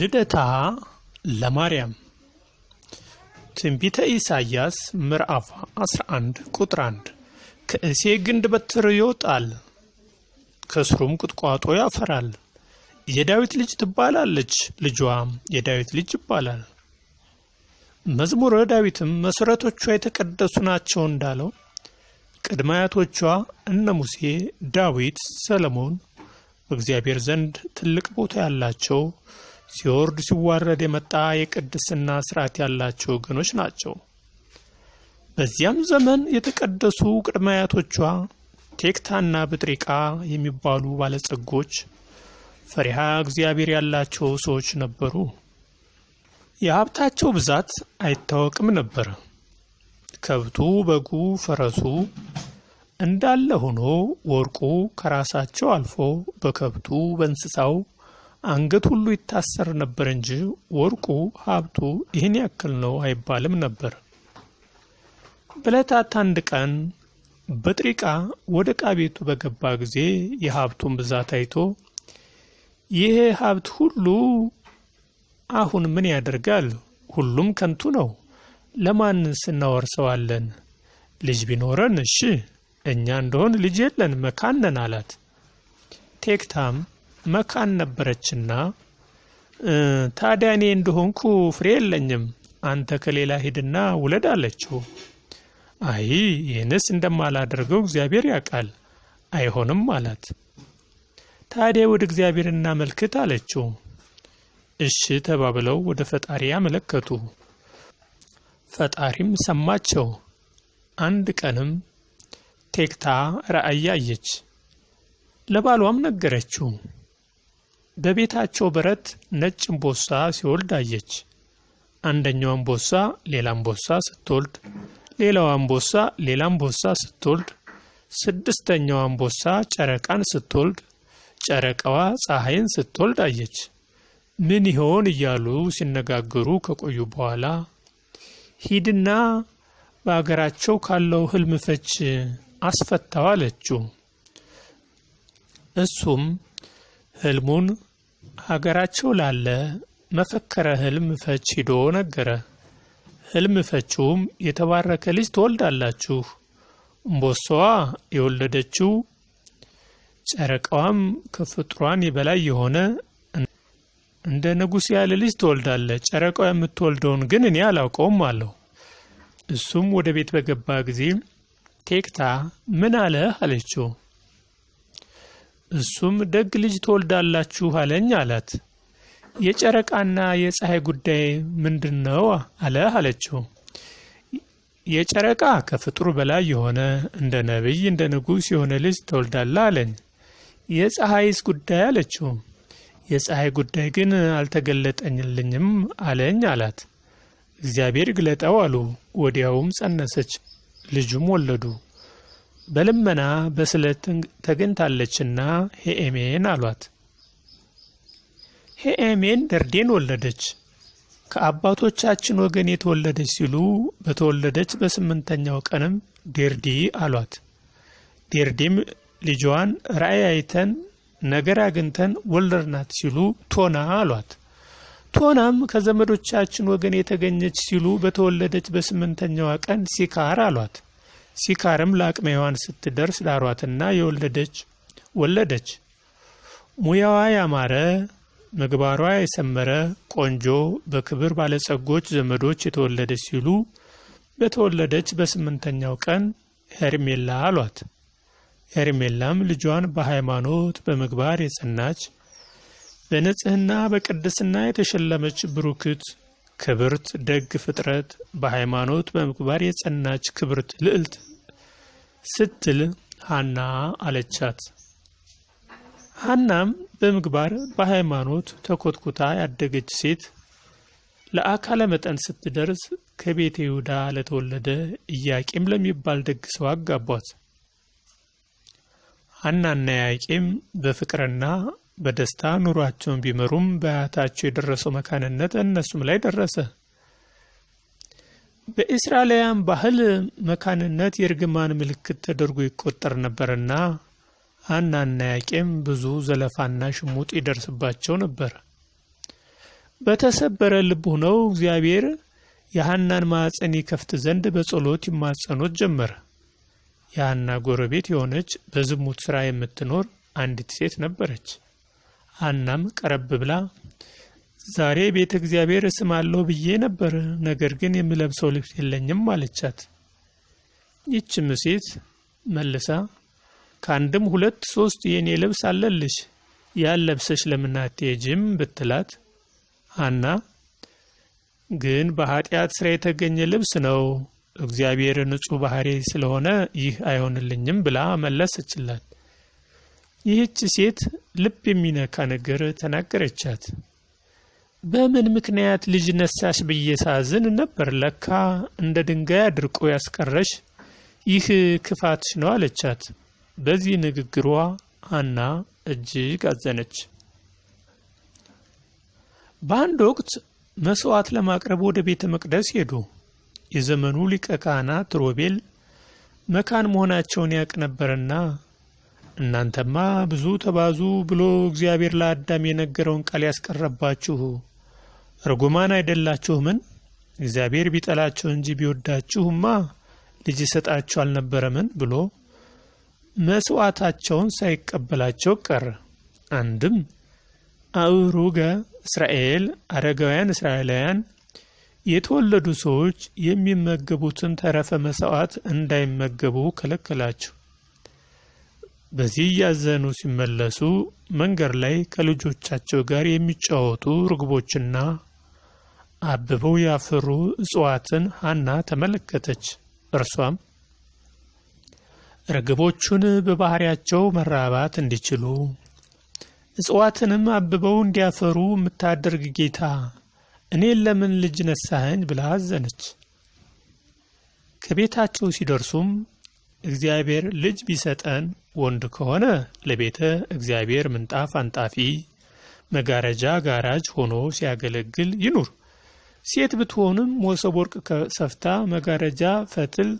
ልደታ ለማርያም ትንቢተ ኢሳይያስ ምዕራፍ 11 ቁጥር 1 ከእሴ ግንድ በትር ይወጣል፣ ከስሩም ቁጥቋጦ ያፈራል። የዳዊት ልጅ ትባላለች፣ ልጇም የዳዊት ልጅ ይባላል። መዝሙረ ዳዊትም መሠረቶቿ የተቀደሱ ናቸው እንዳለው ቅድማያቶቿ እነ ሙሴ፣ ዳዊት፣ ሰለሞን በእግዚአብሔር ዘንድ ትልቅ ቦታ ያላቸው ሲወርድ ሲዋረድ የመጣ የቅድስና ስርዓት ያላቸው ወገኖች ናቸው። በዚያም ዘመን የተቀደሱ ቅድማያቶቿ ቴክታና ብጥሪቃ የሚባሉ ባለጸጎች ፈሪሃ እግዚአብሔር ያላቸው ሰዎች ነበሩ። የሀብታቸው ብዛት አይታወቅም ነበር። ከብቱ፣ በጉ፣ ፈረሱ እንዳለ ሆኖ ወርቁ ከራሳቸው አልፎ በከብቱ፣ በእንስሳው አንገት ሁሉ ይታሰር ነበር እንጂ ወርቁ ሀብቱ ይህን ያክል ነው አይባልም ነበር። በዕለታት አንድ ቀን በጥሪቃ ወደ ዕቃ ቤቱ በገባ ጊዜ የሀብቱን ብዛት አይቶ ይሄ ሀብት ሁሉ አሁን ምን ያደርጋል? ሁሉም ከንቱ ነው። ለማን ስናወርሰዋለን? ልጅ ቢኖረን እሺ፣ እኛ እንደሆን ልጅ የለን መካነን አላት። ቴክታም መካን ነበረችና ታዲያ እኔ እንደሆንኩ ፍሬ የለኝም፣ አንተ ከሌላ ሂድና ውለድ አለችው። አይ ይህንስ እንደማላደርገው እግዚአብሔር ያውቃል፣ አይሆንም አላት። ታዲያ ወደ እግዚአብሔር እናመልክት አለችው። እሺ ተባብለው ወደ ፈጣሪ አመለከቱ። ፈጣሪም ሰማቸው። አንድ ቀንም ቴክታ ራእይ አየች፣ ለባሏም ነገረችው። በቤታቸው በረት ነጭ እምቦሳ ሲወልድ አየች። አንደኛው እምቦሳ ሌላ እምቦሳ ስትወልድ፣ ሌላዋ እምቦሳ ሌላ እምቦሳ ስትወልድ፣ ስድስተኛዋ እምቦሳ ጨረቃን ስትወልድ፣ ጨረቃዋ ፀሐይን ስትወልድ አየች። ምን ይሆን እያሉ ሲነጋገሩ ከቆዩ በኋላ ሂድና በአገራቸው ካለው ህልም ፈች አስፈታው አለችው። እሱም ህልሙን አገራቸው ላለ መፈከረ ህልም ፈች ሂዶ ነገረ። ህልም ፈችውም የተባረከ ልጅ ትወልዳላችሁ፣ እምቦሳዋ የወለደችው ጨረቃዋም ከፍጥሯን በላይ የሆነ እንደ ንጉሥ ያለ ልጅ ትወልዳለ። ጨረቃው የምትወልደውን ግን እኔ አላውቀውም አለው። እሱም ወደ ቤት በገባ ጊዜ ቴክታ ምን አለህ አለችው። እሱም ደግ ልጅ ትወልዳላችሁ አለኝ አላት። የጨረቃና የፀሐይ ጉዳይ ምንድን ነው አለ አለችው። የጨረቃ ከፍጡር በላይ የሆነ እንደ ነቢይ እንደ ንጉሥ የሆነ ልጅ ትወልዳላ አለኝ። የፀሐይስ ጉዳይ አለችው። የፀሐይ ጉዳይ ግን አልተገለጠኝልኝም አለኝ አላት። እግዚአብሔር ግለጠው አሉ። ወዲያውም ጸነሰች፣ ልጁም ወለዱ። በልመና በስለት ተገኝታለችና ሄኤሜን አሏት። ሄኤሜን ደርዴን ወለደች። ከአባቶቻችን ወገን የተወለደች ሲሉ በተወለደች በስምንተኛው ቀንም ዴርዲ አሏት። ዴርዲም ልጇን ራእይ አይተን ነገር አግኝተን ወለድናት ሲሉ ቶና አሏት። ቶናም ከዘመዶቻችን ወገን የተገኘች ሲሉ በተወለደች በስምንተኛዋ ቀን ሲካር አሏት። ሲካርም ለአቅመ ሔዋን ስትደርስ ዳሯትና የወለደች ወለደች። ሙያዋ ያማረ ምግባሯ የሰመረ ቆንጆ በክብር ባለጸጎች ዘመዶች የተወለደች ሲሉ በተወለደች በስምንተኛው ቀን ሄርሜላ አሏት። ሄርሜላም ልጇን በሃይማኖት በምግባር የጸናች በንጽህና በቅድስና የተሸለመች ብሩክት ክብርት ደግ ፍጥረት በሃይማኖት በምግባር የጸናች ክብርት ልዕልት ስትል ሃና አለቻት። ሃናም በምግባር በሃይማኖት ተኮትኩታ ያደገች ሴት ለአካለ መጠን ስትደርስ ከቤተ ይሁዳ ለተወለደ ኢያቄም ለሚባል ደግ ሰው አጋቧት። ሀናና ኢያቄም በፍቅርና በደስታ ኑሯቸውን ቢመሩም በአያታቸው የደረሰው መካንነት እነሱም ላይ ደረሰ። በእስራኤላውያን ባህል መካንነት የእርግማን ምልክት ተደርጎ ይቆጠር ነበርና ሐናና ያቄም ብዙ ዘለፋና ሽሙጥ ይደርስባቸው ነበር። በተሰበረ ልብ ሆነው እግዚአብሔር የሐናን ማዕፀን ይከፍት ዘንድ በጸሎት ይማጸኖት ጀመረ። የሐና ጎረቤት የሆነች በዝሙት ሥራ የምትኖር አንዲት ሴት ነበረች። ሐናም ቀረብ ብላ ዛሬ ቤተ እግዚአብሔር እስማለሁ ብዬ ነበር፣ ነገር ግን የምለብሰው ልብስ የለኝም አለቻት። ይችም ሴት መልሳ ከአንድም ሁለት ሶስት የእኔ ልብስ አለልሽ፣ ያን ለብሰሽ ለምን አትሄጂም ብትላት፣ አና ግን በኃጢአት ስራ የተገኘ ልብስ ነው፣ እግዚአብሔር ንጹህ ባህሪ ስለሆነ ይህ አይሆንልኝም ብላ መለሰችላት። ይህች ሴት ልብ የሚነካ ነገር ተናገረቻት። በምን ምክንያት ልጅ ነሳሽ ብዬ ሳዝን ነበር። ለካ እንደ ድንጋይ አድርቆ ያስቀረሽ ይህ ክፋትሽ ነው አለቻት። በዚህ ንግግሯ ሀና እጅግ አዘነች። በአንድ ወቅት መስዋዕት ለማቅረብ ወደ ቤተ መቅደስ ሄዱ። የዘመኑ ሊቀ ካህናት ሮቤል መካን መሆናቸውን ያቅ ነበርና እናንተማ ብዙ ተባዙ ብሎ እግዚአብሔር ለአዳም የነገረውን ቃል ያስቀረባችሁ ርጉማን አይደላችሁምን? እግዚአብሔር ቢጠላችሁ እንጂ ቢወዳችሁማ ልጅ ይሰጣችሁ አልነበረምን? ብሎ መስዋዕታቸውን ሳይቀበላቸው ቀረ። አንድም አእሩገ እስራኤል አረጋውያን እስራኤላውያን የተወለዱ ሰዎች የሚመገቡትን ተረፈ መስዋዕት እንዳይመገቡ ከለከላቸው። በዚህ እያዘኑ ሲመለሱ መንገድ ላይ ከልጆቻቸው ጋር የሚጫወቱ ርግቦችና አብበው ያፈሩ እጽዋትን ሐና ተመለከተች። እርሷም ርግቦቹን በባህሪያቸው መራባት እንዲችሉ እጽዋትንም አብበው እንዲያፈሩ የምታደርግ ጌታ እኔን ለምን ልጅ ነሳኸኝ ብላ አዘነች። ከቤታቸው ሲደርሱም እግዚአብሔር ልጅ ቢሰጠን ወንድ ከሆነ ለቤተ እግዚአብሔር ምንጣፍ አንጣፊ፣ መጋረጃ ጋራጅ ሆኖ ሲያገለግል ይኑር ሴት ብትሆንም መሶበ ወርቅ ሰፍታ መጋረጃ ፈትል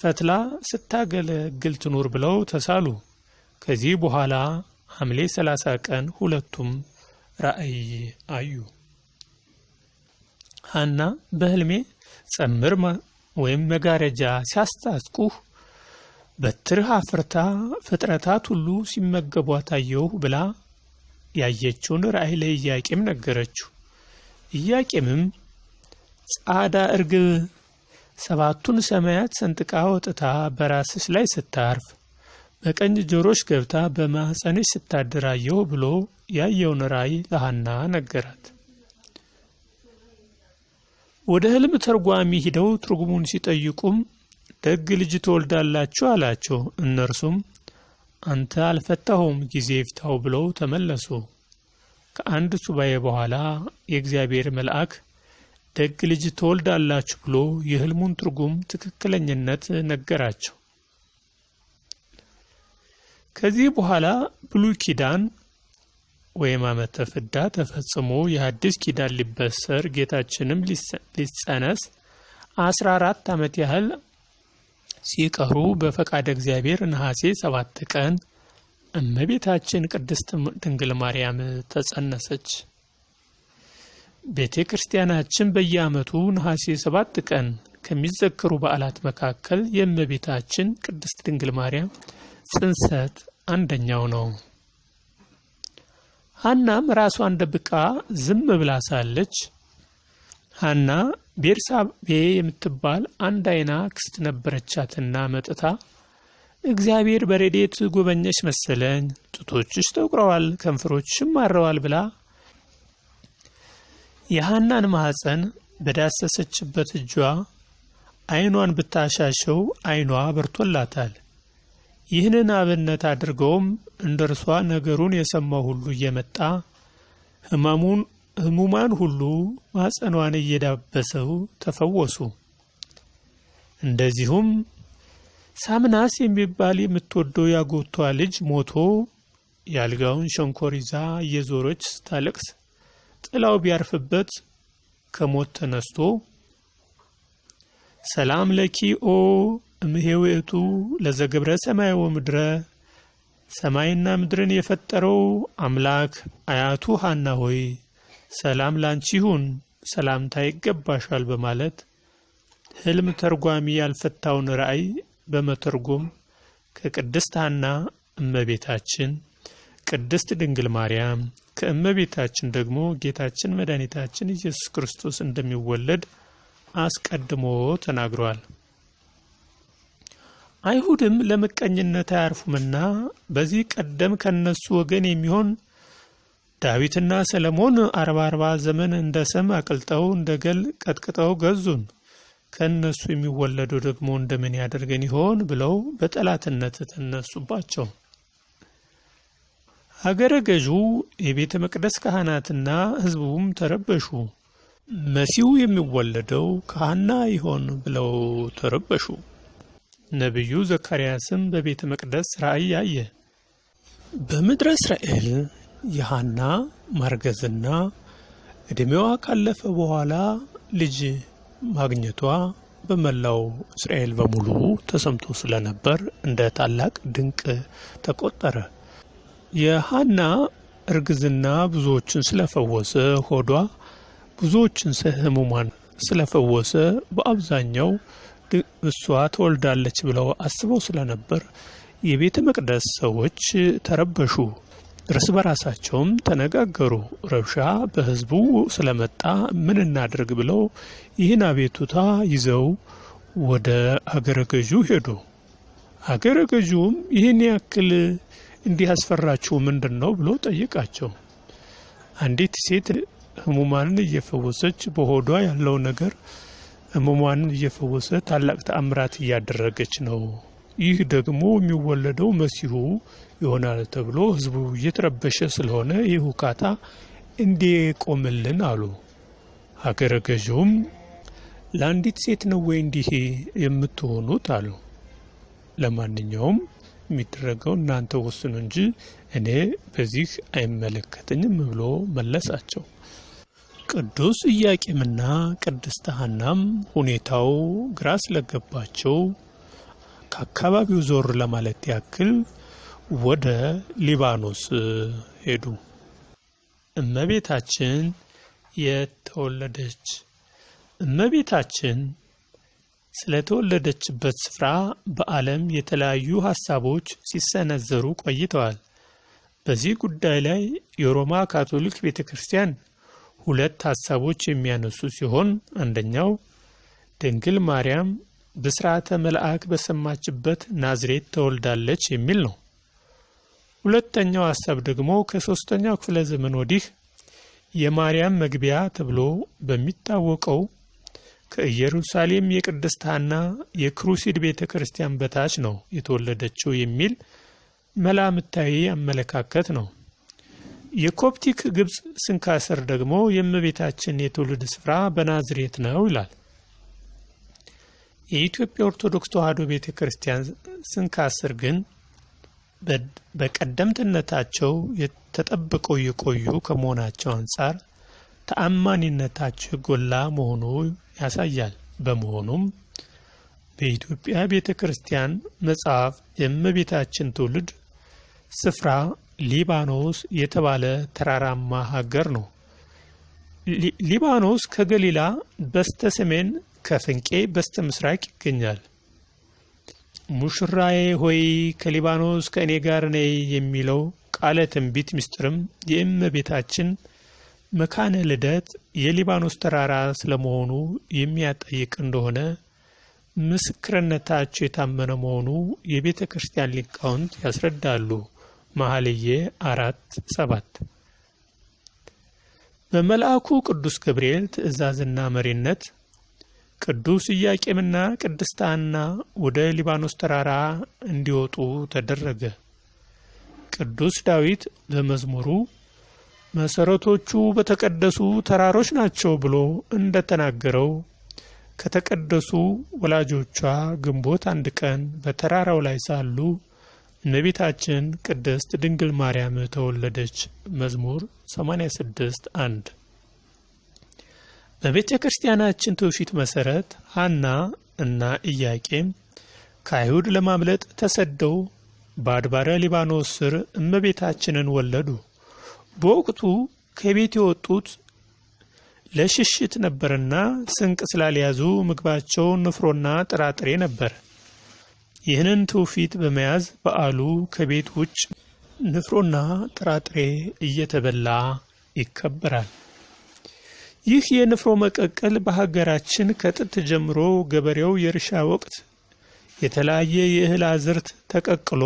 ፈትላ ስታገለግል ትኑር ብለው ተሳሉ። ከዚህ በኋላ ሐምሌ 30 ቀን ሁለቱም ራእይ አዩ። ሐና በህልሜ ጸምር ወይም መጋረጃ ሲያስታጥቁህ በትርህ አፍርታ ፍጥረታት ሁሉ ሲመገቧት አየሁ ብላ ያየችውን ራእይ ለኢያቄም ነገረችው። ኢያቄምም ጻዳ እርግብ ሰባቱን ሰማያት ሰንጥቃ ወጥታ በራስሽ ላይ ስታርፍ በቀኝ ጆሮሽ ገብታ በማኅፀንሽ ስታደራየሁ ብሎ ያየውን ራእይ ለሐና ነገራት። ወደ ህልም ተርጓሚ ሂደው ትርጉሙን ሲጠይቁም ደግ ልጅ ትወልዳላችሁ አላቸው። እነርሱም አንተ አልፈታሁም ጊዜ ፍታው ብለው ተመለሱ። ከአንድ ሱባኤ በኋላ የእግዚአብሔር መልአክ ደግ ልጅ ትወልዳላችሁ ብሎ የህልሙን ትርጉም ትክክለኝነት ነገራቸው። ከዚህ በኋላ ብሉይ ኪዳን ወይም ዓመተ ፍዳ ተፈጽሞ የአዲስ ኪዳን ሊበሰር ጌታችንም ሊጸነስ አስራ አራት ዓመት ያህል ሲቀሩ በፈቃደ እግዚአብሔር ነሐሴ ሰባት ቀን እመቤታችን ቅድስት ድንግል ማርያም ተጸነሰች። ቤተ ክርስቲያናችን በየዓመቱ ነሐሴ ሰባት ቀን ከሚዘከሩ በዓላት መካከል የእመቤታችን ቅድስት ድንግል ማርያም ጽንሰት አንደኛው ነው። ሐናም ራሷን ደብቃ ዝም ብላ ሳለች ሐና ቤርሳቤ የምትባል አንድ አይና ክስት ነበረቻትና መጥታ እግዚአብሔር በረዴት ጎበኘሽ መሰለኝ፣ ጡቶችሽ ተቁረዋል፣ ከንፈሮችሽም አረዋል ብላ የሐናን ማኅፀን በዳሰሰችበት እጇ ዐይኗን ብታሻሸው ዐይኗ በርቶላታል። ይህንን አብነት አድርገውም እንደ እርሷ ነገሩን የሰማው ሁሉ እየመጣ ሕማሙን ሁሉ ማኅፀኗን እየዳበሰው ተፈወሱ። እንደዚሁም ሳምናስ የሚባል የምትወደው ያጎቷ ልጅ ሞቶ የአልጋውን ሸንኮር ይዛ እየዞረች ስታለቅስ ጥላው ቢያርፍበት ከሞት ተነስቶ ሰላም ለኪ ኦ እምሄውእቱ ለዘገብረ ሰማይ ወምድረ ሰማይና ምድርን የፈጠረው አምላክ አያቱ ሃና ሆይ ሰላም ላንቺ ይሁን፣ ሰላምታ ይገባሻል በማለት ህልም ተርጓሚ ያልፈታውን ራእይ በመተርጎም ከቅድስት ሃና እመቤታችን ቅድስት ድንግል ማርያም ከእመቤታችን ደግሞ ጌታችን መድኃኒታችን ኢየሱስ ክርስቶስ እንደሚወለድ አስቀድሞ ተናግሯል። አይሁድም ለምቀኝነት አያርፉምና በዚህ ቀደም ከነሱ ወገን የሚሆን ዳዊትና ሰለሞን አርባ አርባ ዘመን እንደ ሰም አቅልጠው እንደ ገል ቀጥቅጠው ገዙን፣ ከእነሱ የሚወለደው ደግሞ እንደምን ያደርገን ይሆን ብለው በጠላትነት ተነሱባቸው። ሀገረ ገዡ የቤተ መቅደስ ካህናትና ሕዝቡም ተረበሹ። መሲሁ የሚወለደው ካህና ይሆን ብለው ተረበሹ። ነቢዩ ዘካርያስም በቤተ መቅደስ ራእይ አየ። በምድረ እስራኤል የሐና ማርገዝና ዕድሜዋ ካለፈ በኋላ ልጅ ማግኘቷ በመላው እስራኤል በሙሉ ተሰምቶ ስለነበር እንደ ታላቅ ድንቅ ተቆጠረ። የሃና እርግዝና ብዙዎችን ስለፈወሰ ሆዷ ብዙዎችን ህሙማን ስለፈወሰ በአብዛኛው እሷ ተወልዳለች ብለው አስበው ስለነበር የቤተ መቅደስ ሰዎች ተረበሹ። እርስ በራሳቸውም ተነጋገሩ። ረብሻ በህዝቡ ስለመጣ ምን እናድርግ ብለው ይህን አቤቱታ ይዘው ወደ አገረ ገዡ ሄዱ። አገረ ገዡም ይህን ያክል እንዲህ ያስፈራችሁ ምንድን ነው ብሎ ጠይቃቸው። አንዲት ሴት ህሙማንን እየፈወሰች በሆዷ ያለው ነገር ህሙማንን እየፈወሰ ታላቅ ተአምራት እያደረገች ነው። ይህ ደግሞ የሚወለደው መሲሁ ይሆናል ተብሎ ህዝቡ እየተረበሸ ስለሆነ ይህ ሁካታ እንዲቆምልን አሉ። ሀገረ ገዥውም ለአንዲት ሴት ነው ወይ እንዲህ የምትሆኑት አሉ። ለማንኛውም የሚደረገው እናንተ ወስኑ እንጂ እኔ በዚህ አይመለከተኝም ብሎ መለሳቸው። ቅዱስ እያቄምና ቅድስት ሐናም ሁኔታው ግራ ስለገባቸው ከአካባቢው ዞር ለማለት ያክል ወደ ሊባኖስ ሄዱ። እመቤታችን የተወለደች እመቤታችን ስለተወለደችበት ስፍራ በዓለም የተለያዩ ሐሳቦች ሲሰነዘሩ ቆይተዋል። በዚህ ጉዳይ ላይ የሮማ ካቶሊክ ቤተ ክርስቲያን ሁለት ሐሳቦች የሚያነሱ ሲሆን አንደኛው ድንግል ማርያም በሥርዓተ መልአክ በሰማችበት ናዝሬት ተወልዳለች የሚል ነው። ሁለተኛው ሐሳብ ደግሞ ከሦስተኛው ክፍለ ዘመን ወዲህ የማርያም መግቢያ ተብሎ በሚታወቀው ከኢየሩሳሌም የቅድስታና የክሩሲድ ቤተ ክርስቲያን በታች ነው የተወለደችው የሚል መላምታዊ አመለካከት ነው። የኮፕቲክ ግብፅ ስንካስር ደግሞ የእመቤታችን የትውልድ ስፍራ በናዝሬት ነው ይላል። የኢትዮጵያ ኦርቶዶክስ ተዋሕዶ ቤተ ክርስቲያን ስንካስር ግን በቀደምትነታቸው ተጠብቀው የቆዩ ከመሆናቸው አንጻር ተአማኒነታቸው ጎላ መሆኑ ያሳያል። በመሆኑም በኢትዮጵያ ቤተ ክርስቲያን መጽሐፍ የእመቤታችን ትውልድ ስፍራ ሊባኖስ የተባለ ተራራማ ሀገር ነው። ሊባኖስ ከገሊላ በስተ ሰሜን ከፍንቄ በስተ ምስራቅ ይገኛል። ሙሽራዬ ሆይ ከሊባኖስ ከእኔ ጋር ነይ የሚለው ቃለ ትንቢት ምስጢርም የእመቤታችን መካነ ልደት የሊባኖስ ተራራ ስለመሆኑ የሚያጠይቅ እንደሆነ ምስክርነታቸው የታመነ መሆኑ የቤተ ክርስቲያን ሊቃውንት ያስረዳሉ። መኃልየ አራት ሰባት በመልአኩ ቅዱስ ገብርኤል ትእዛዝና መሪነት ቅዱስ ኢያቄምና ቅድስት ሐና ወደ ሊባኖስ ተራራ እንዲወጡ ተደረገ። ቅዱስ ዳዊት በመዝሙሩ መሰረቶቹ በተቀደሱ ተራሮች ናቸው ብሎ እንደተናገረው ከተቀደሱ ወላጆቿ ግንቦት አንድ ቀን በተራራው ላይ ሳሉ እመቤታችን ቅድስት ድንግል ማርያም ተወለደች። መዝሙር 86 አንድ በቤተ ክርስቲያናችን ትውፊት መሰረት ሐና እና ኢያቄም ከአይሁድ ለማምለጥ ተሰደው በአድባረ ሊባኖስ ስር እመቤታችንን ወለዱ። በወቅቱ ከቤት የወጡት ለሽሽት ነበርና ስንቅ ስላልያዙ ምግባቸው ንፍሮና ጥራጥሬ ነበር። ይህንን ትውፊት በመያዝ በዓሉ ከቤት ውጭ ንፍሮና ጥራጥሬ እየተበላ ይከበራል። ይህ የንፍሮ መቀቀል በሀገራችን ከጥንት ጀምሮ ገበሬው የእርሻ ወቅት የተለያየ የእህል አዝርት ተቀቅሎ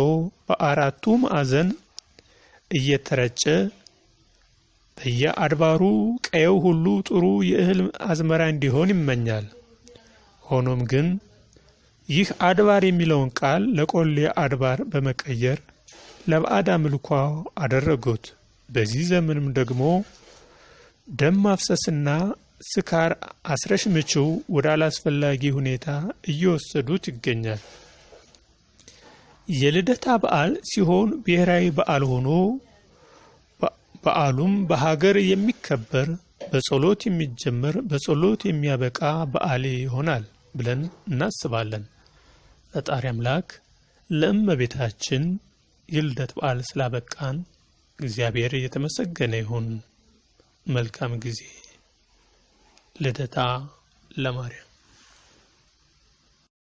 በአራቱ ማዕዘን እየተረጨ በየአድባሩ ቀየው ሁሉ ጥሩ የእህል አዝመራ እንዲሆን ይመኛል። ሆኖም ግን ይህ አድባር የሚለውን ቃል ለቆሌ አድባር በመቀየር ለባዕድ ምልኳ አደረጉት። በዚህ ዘመንም ደግሞ ደም ማፍሰስና ስካር አስረሽምችው ወደ አላስፈላጊ ሁኔታ እየወሰዱት ይገኛል። የልደታ በዓል ሲሆን ብሔራዊ በዓል ሆኖ በዓሉም በሀገር የሚከበር በጸሎት የሚጀመር በጸሎት የሚያበቃ በዓል ይሆናል ብለን እናስባለን። ፈጣሪ አምላክ ለእመቤታችን የልደት በዓል ስላበቃን እግዚአብሔር እየተመሰገነ ይሁን። መልካም ጊዜ። ልደታ ለማርያም